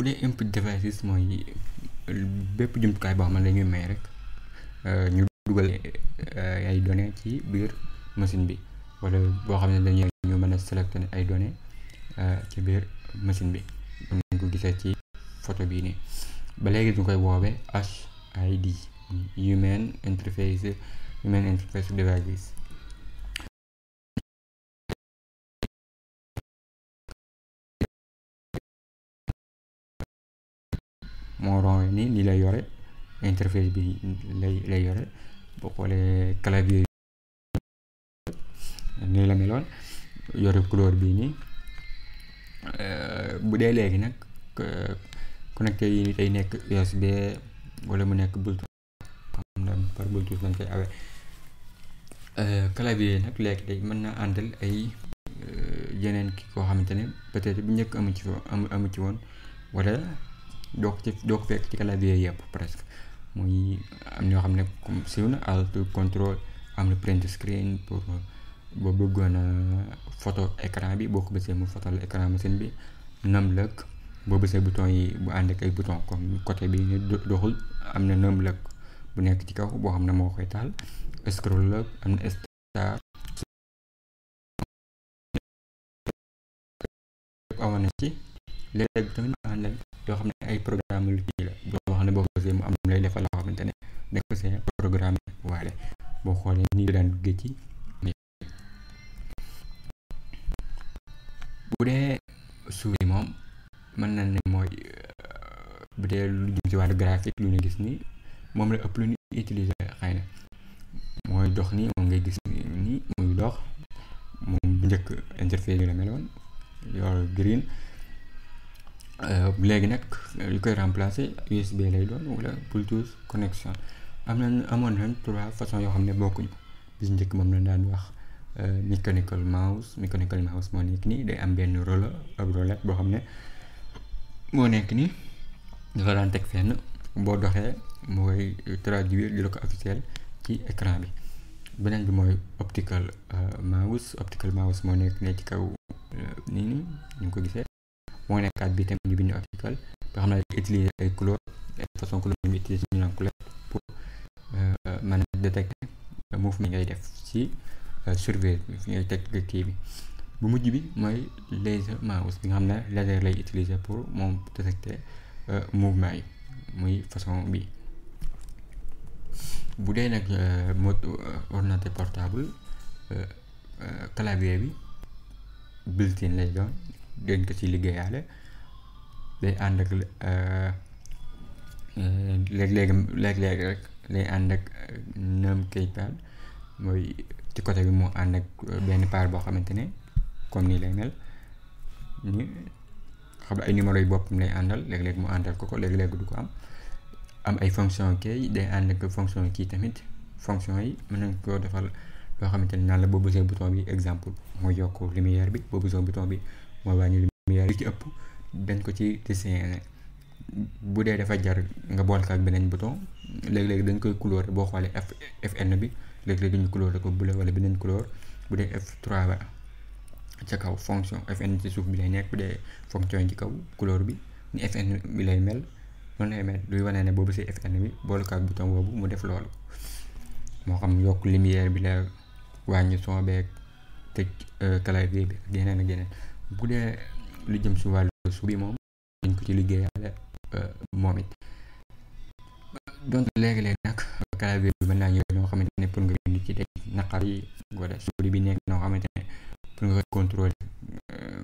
bu dee input devices mooy bépp jumtukaay boo xam ne may rek euh, ñu dugal euh, ay données ci biir machine bi wala boo xam ne dañuy ñu mën a sélectionner ay donne euh, ci biir machine bi comme ñu gisee ci photo bii nii ba léegi ñu koy woowee HID Human Interface Human Interface Devices moo rond yi nii lay yore interface bi lay lay yore boo xoolee clavier nii la meloon yore couleur bii nii euh, bu dee léegi nag connecté yi ni tey nekk USB wala mu nekk Bluetooth xam na par Bluetooth euh, mën na àndal ay euh, ki koo xamante ne peut-être bu njëkk amu ci ci woon wala doo ko fekk ci clavier yëpp presque muy am ñoo xam ne comme siiw na alt contrôle am na print screen pour boo bëggoon a photo écran bi boo ko bësee mu photo la écran machine bi numlock boo bësee bouton yi bu ànd ak ay bouton comme côté bi ni doxul am na numlock bu nekk ci kaw boo xam ne moo koy taal scroll lock am na star amoon na ci léeg-léeg tamit yoo xam ne ay programme lu kii la boo xam ne boo ko see mu am lay defal loo xamante ne da ko see programme waale boo xoolee nii la daan duggee ci bu dee souris moom mën na ne mooy euh, bu dee lu jëm ci wàllu graphique lu ñu gis ni moom la ëpp lu ñu utiliser xëy na mooy jox ni moom ngay gis ni muy dox moom njëkk interface yi la meloon yoolu green Euh, léegi nag euh, li koy remplacer USB lay doon wala Bluetooth connexion am nañ amoon nañ trois façons yoo xam ne bokkuñu bis njëkk moom lañ daan wax euh, mechanical mouse mechanical mouse moo nekk nii day am benn rôle ab roulette boo xam ne moo nekk nii dafa daan teg fenn boo doxee mooy traduire di la ko officiel ci écran bi beneen bi mooy optical mouse optical mouse moo nekk ne ci kaw nii nii ñu ko gisee. moo nekkaat bi tamit ñu bind article nga xam ne utiliser ay ay façon couleur ñu utiliser ñu naan pour euh, man a détecter mouvement ngay def ci euh, surveiller bi ngay teg kii bi bu mujj bi mooy laser mouse bi nga xam ne laser lay utiliser pour moom détecter euh, mouvement yi muy façon bi bu dee nag mode ordinateur portable clavier bi built-in dañ ko ci liggéeyaale day ànd ak euh, euh, léeg-léeg léeg-léeg rek day ànd ak num euh, keypad mooy ci côté bi moo ànd ak benn paar boo xamante ne comme nii lay mel ni xam ay numéro yu boppam lay àndal léeg-léeg mu àndal ko ko léeg-léeg du ko am am ay fonction key day ànd ak fonction kii tamit fonction yi mën nañ koo defal loo xamante ne naan la boo bësee bouton bi exemple mooy yokk lumière bi boo bësee bouton bi mooy wàññi lumière yi ci ëpp dañ ko ci dessiné bu dee dafa jar nga boole ko beneen bouton léeg léegi dañ koy couleur boo xoolee F Fn bi léegi léeg dañu couleur ko bleu wala beneen couleur bu dee F3 ca kaw fonction Fn ci suuf bi lay nekk dee fonction ci kaw couleur bi bi lay mel noonu lay mel luy wane ne boobu si Fn bi boole ko ak boobu mu def loolu moo xam yokk lumière bi la wàññi soo beeg tëj euh, clavier bi ak yeneen ak yeneen bu dee lu jëm su wàllu su bi moom dañ ko ci liggéeyaale euh, moom it donc léegi-léegi nag clavier bi mën naa ñëw noo xamante ne pour nga bind ci teg naqar yi wala souris bi nekk noo xamante ne pour nga contrôler euh,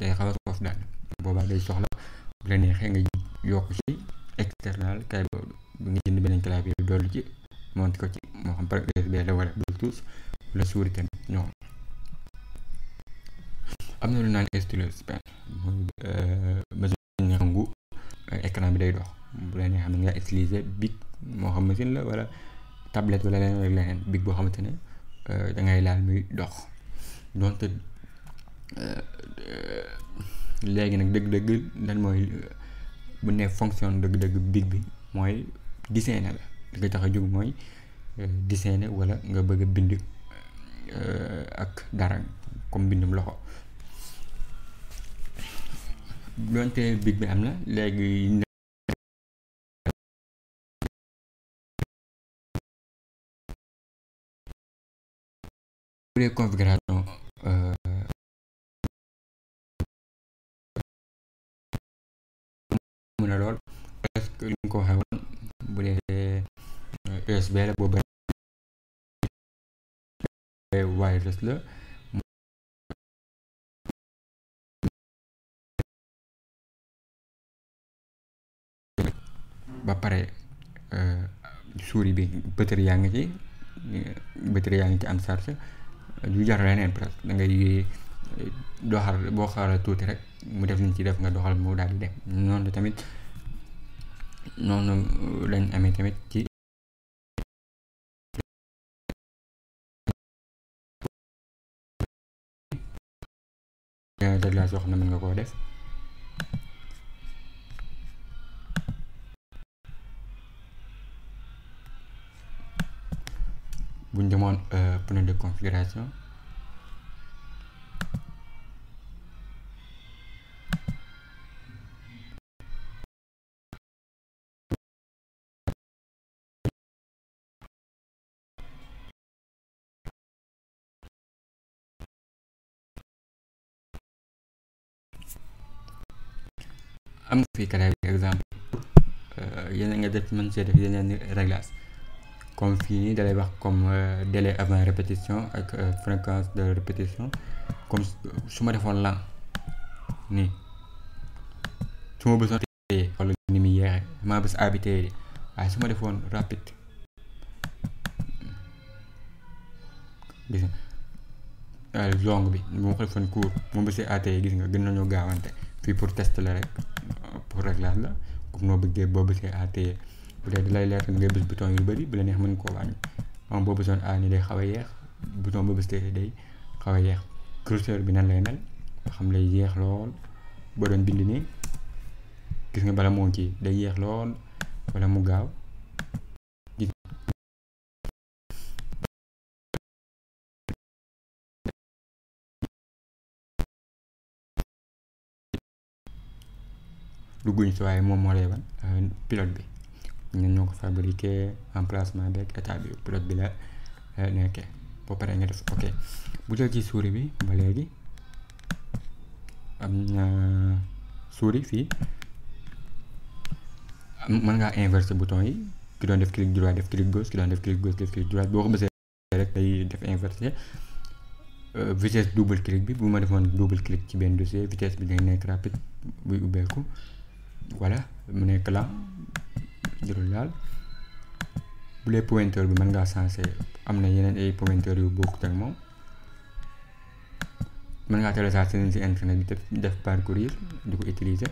day xaw soof daal boobaa day soxla bu la neexee nga yokk si external kay bu nga jënd beneen clavier bi dolli ci monte ko ci moo xam par USB la wala Bluetooth wala souris tamit ñoo am na lu naan stylus pen mooy euh, machine xam gu bi day dox bu la neexee nga utiliser bic moo xam machine la wala tablette wala leneen wala leneen boo xamante ne euh, dangay laal muy dox donte euh, nag dëgg mooy bu ne fonction dëgg-dëgg bi mooy dessiner la tax a jóg mooy dessiner wala nga bëgg bind ak dara comme bindum loxo doonte big bi am na léegi. les configurations euh, mën na lool parce que li ko waxee woon bu dee USB euh, la boobu wireless la ba euh, suuri bi batterie yaa ngi ci batterie yaa ngi ci am charge du jar leneen presque da ngay euh, doxal boo xaaral tuuti rek mu def ni ci def nga doxal mu daal di dem noonu tamit noonu lañ amee tamit ci déglage yoo xam ne mën nga koo def bu ñu demoon euh, de configuration am na fii exemple euh, yéen a nga def mën see def yeneen réglage comme fii nii dalay wax comme délai avant répétition ak euh, fréquence de répétition comme su ma defoon lan nii su ma bësoon téye wala ni muy yeexe maa bës A bi waaye su ma defoon rapide gis nga euh, long bi bu ma ko defoon court moo bësee A téye gis nga gën nañoo gaawante fii pour test la rek pour réglage la comme noo bëggee boo bësee A téye bu dee di lay leer da ngay bés bouton yu bëri bu la neex mën koo wàññi am boo bésoon A ni day xaw a yeex bouton boo bés te day xaw yeex curseur bi nan lay mel nga xam lay yeex lool boo doon bind nii gis nga bala moo kii day yeex lool wala mu gaaw dugguñ si waaye moom euh, bi ñun ñoo ko fabriqué emplacement beeg état bi pilote bi la euh, nekkee ba nga def ok bu jël ci souris bi ba léegi am na souris fii mën ngaa inverser bouton yi ki doon def clic droit def clic gauche ki doon def clic gauche def clic droit boo ko bësee rek day def inversé euh, vitesse double clic bi bu ma defoon double clic ci benn dossier vitesse bi day nekk rapide buy ubbeeku voilà mu nekk la jërul laal bu dee pointeur bi mën ngaa sensé am na yeneen ay pointeur yu bokk ak moom mën ngaa télécharger seen ci internet bi def def parcourir di ko utiliser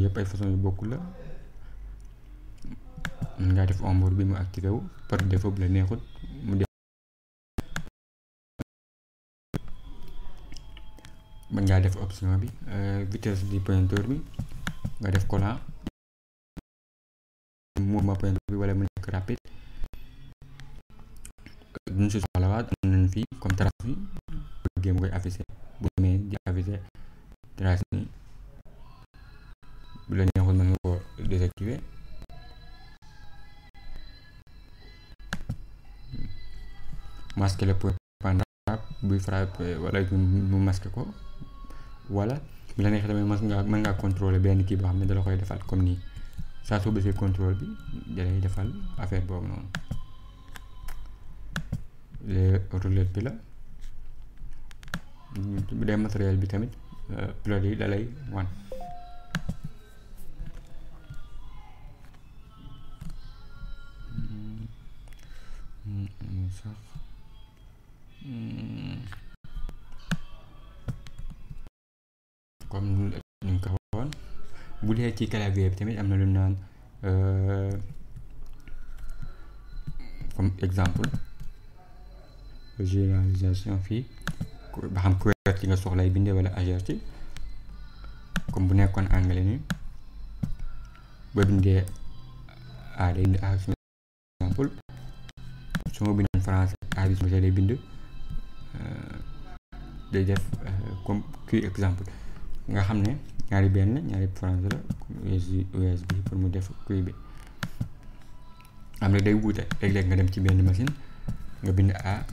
yëpp ay façon yu bokkul la mën ngaa def ombre bi mu activé wu par défaut bu la neexut mu def mën ngaa def option bi euh, vitesse du pointeur bi nga def collant mouvement point wala mu nekk rapide duñ si soxla waat am nañ fii comme trace bi bëggee mu koy afficher bu demee di ko wala mu masquer ko wala bu la neexee tamit ngaa mën ngaa contrôler benn kii boo xam ne dala koy defal comme nii saa soo bësee contrôle bi dalay defal affaire boobu noonu les roulette bi la bu mm, dee matériel bi tamit euh, plot yi dalay wan mm, mm, bu dee ci clavier bi tamit am na lu naan comme exemple généralisation fii ba xam QWERTY nga soxlay binde wala AGRT comme bu nekkoon anglais ni ba bindee a day bind a suma exemple su ma bindoon français a bi suma day bind day def comme kii exemple nga xam ne ñaari benn ñaari frange la USB pour mu def kuy bi am na day wuute léeg-léeg nga dem ci benn machine nga bind A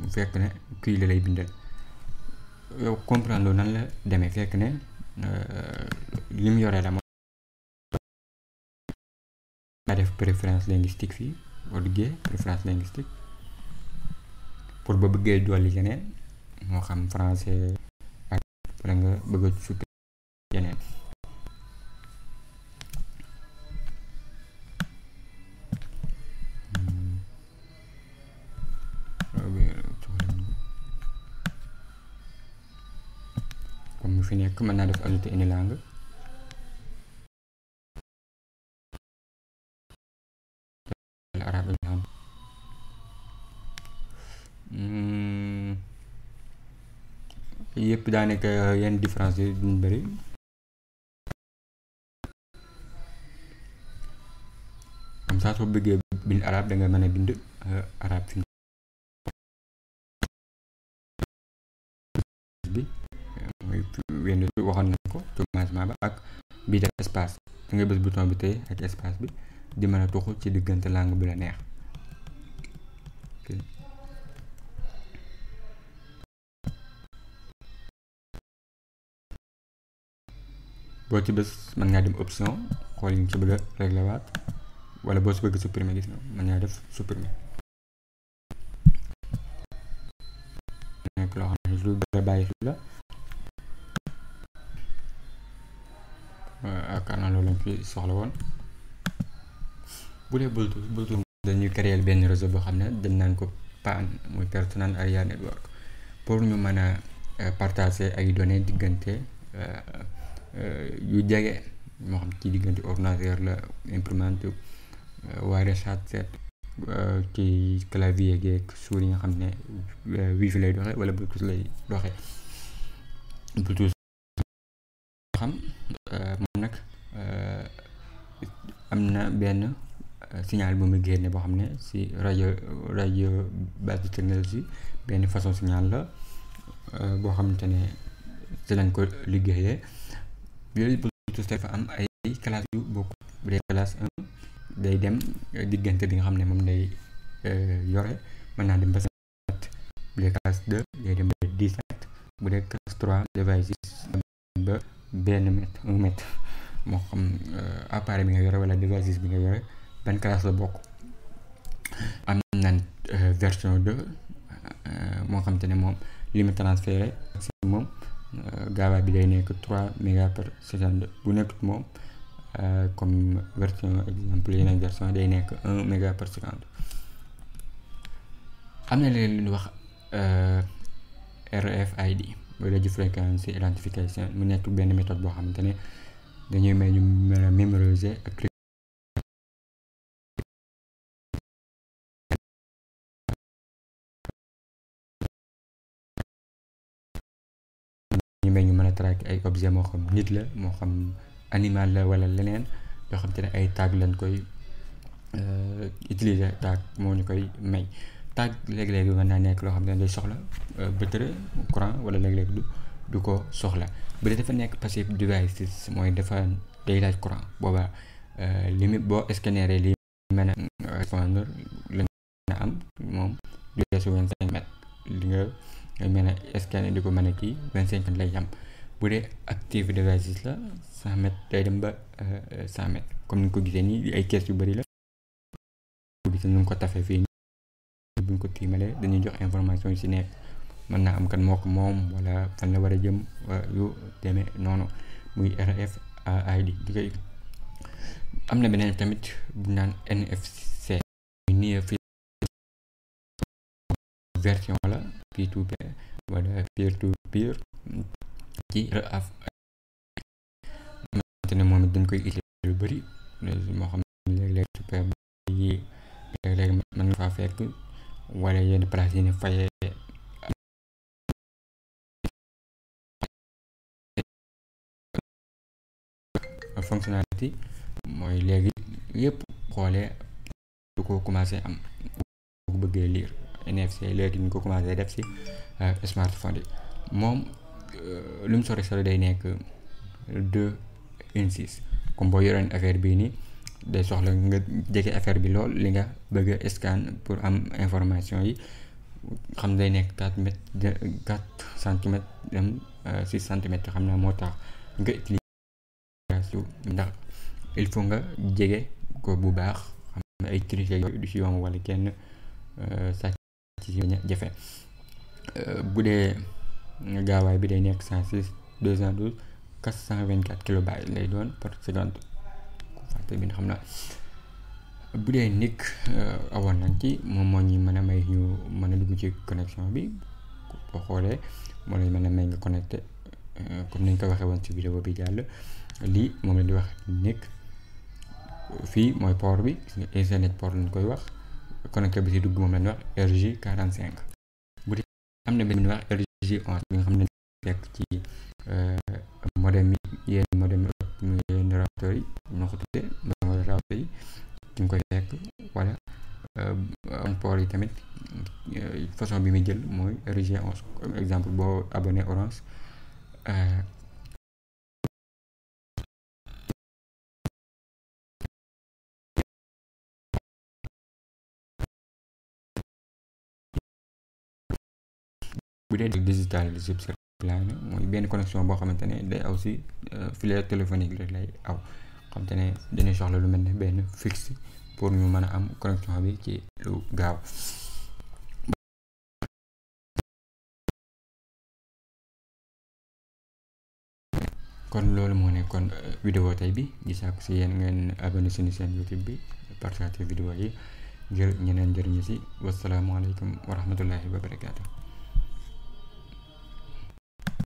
mu fekk ne kuy la lay bindal yow comprendre nan la demee fekk ne euh, li mu yoree la moom nga def préférence linguistique fii boo duggee préférence linguistique pour ba bëggee dolli keneen moo xam français wala nga bëgg a suppi yeneen comme mu fi nekk mën naa def ajouter une bi daanaka euh, yenn différence yi duñ bëri. comme ça soo bëggee bind arab da mën a bind euh, arab fi bi waxoon nañ ko commencement ba ak bii def espace da ngay bës bi tey ak espace bi di mën a tuxu ci diggante langue bu la neex boo ci bés mën ngaa dem option xool yi nga ci bëgg a réglé wala boo si bëgg supprimer gis nga mën ngaa def supprimer nekk loo xam ne la yaakaar naa loolu lañ fi soxla bu dañuy créer benn réseau boo xam ne dem naan ko PAN muy Personal Area Network pour ñu mën a euh, partager ay données diggante euh, yu jege moo xam ci diggante ordinateur la imprimante euh, waaye set euh, ci clavier geek souris yi xam ne euh, wifi lay doxe wala bluetooth lay doxe bluetooth xam am na benn signal bu muy boo xam ne si rajo rajo base de technologie benn façon signal la boo xamante ne si lañ ko liggéeyee bi yooyu Bluetooth dafa am ay classe yu bokk bu dee classe 1 day dem diggante bi nga xam ne moom day euh, yore mën naa dem ba 7 bu dee classe 2 day dem ba bu dee classe 3 device ba benn mètre un mètre moo xam euh, appareil bi nga yore wala device bi nga yore ban classe la bokk am nañ euh, version 2 moo xam te ne moom li mu transféré moom Euh, gaawaay bi day nekk 3 méga par seconde bu nekkut moom euh, comme version exemple yeneen day nekk 1 méga par seconde am na leen lu ñu wax euh, RFID mooy radio frequency identification mu nekk benn métode boo xamante ne dañuy may ñu ak ay objet moo xam nit la moo xam animal la wala leneen yoo xam te ne ay tag lañ koy euh, utiliser tag moo ñu koy may tag léeg-léeg naa nekk loo xam ne day soxla euh, batterie courant wala léeg-léeg du ko soxla bu dee dafa nekk passive devices mooy defa day laaj courant boobaa euh, li boo scanneree li mën a répondre di ko mën a kii vingt cinq mètres lay am bu dee active devices la 100 mètres day dem ba 100 comme ni nga ko gisee nii ay kees yu bëri la. bu ko tafee fii nii ko tiimalee dañuy jox information yu si nekk mën naa am kan moo ko moom wala fan la war a jëm yu demee noonu muy RFID di koy am na beneen tamit du naan NFC. muy nii fii version la P2P wala peer to peer. ci RAF nga xamante ne moom it dañ koy utiliser lu bëri moo xam ne léeg-léeg wala yenn place yi mooy léegi yépp xoolee du ko commencé am ko bëggee lire NFC léegi ñu ko commencé def ci euh, smartphone yi moom Euh, lu mu sori sori day nekk deux une six comme boo yoreen affaire bii nii day soxla nga jege affaire bi lool li nga bëgg scan pour am information yi xam day nekk quatre mètres quatre centimètres dem euh, six centimètres xam ne moo tax nga utiliser ndax il faut nga jege ko bu baax xam ne ay triche yooyu du ci yomb wala kenn euh, sàcc ci jafe bu dee gaawaay bi day nekk 106 212 424 kilobytes lay doon par seconde ku te bi xam na bu dee nikk euh, awoon nañ ci moom moo ñuy mën a may ñu mën a dugg ci connexion bi boo xoolee moo lay mën a may nga connecté euh, comme nañ koy waxee woon ci vidéo bi jàll lii moom la di wax nikk fii mooy port bi gis nga ethernet port koy wax connecteur bi ci dugg moom la ñuy wax rj cinq bu dee am na benn wax J11 bi nga xam ne fekk ci euh, modem yi yenn modem yi ëpp muy yenn routeur yi ñoo ko tuddee modem routeur yi duñ koy fekk wala euh, am port yi tamit euh, façon bi muy jël mooy J11 exemple boo abonné Orange bu dee digital gypse line mooy benn connexion boo xamante ne day aw si euh, filaire téléphonique rek lay aw xam ne dañuy soxla lu mel ni benn fixe pour ñu mën a am connexion bi ci lu gaaw kon loolu moo nekkoon euh, vidéo tey bi di sàkku si yéen ngeen abonné suñu seen youtube bi partage vidéo yi ngir ñeneen njëriñu si wasalaamualeykum wa rahmatullahi wa barakaatu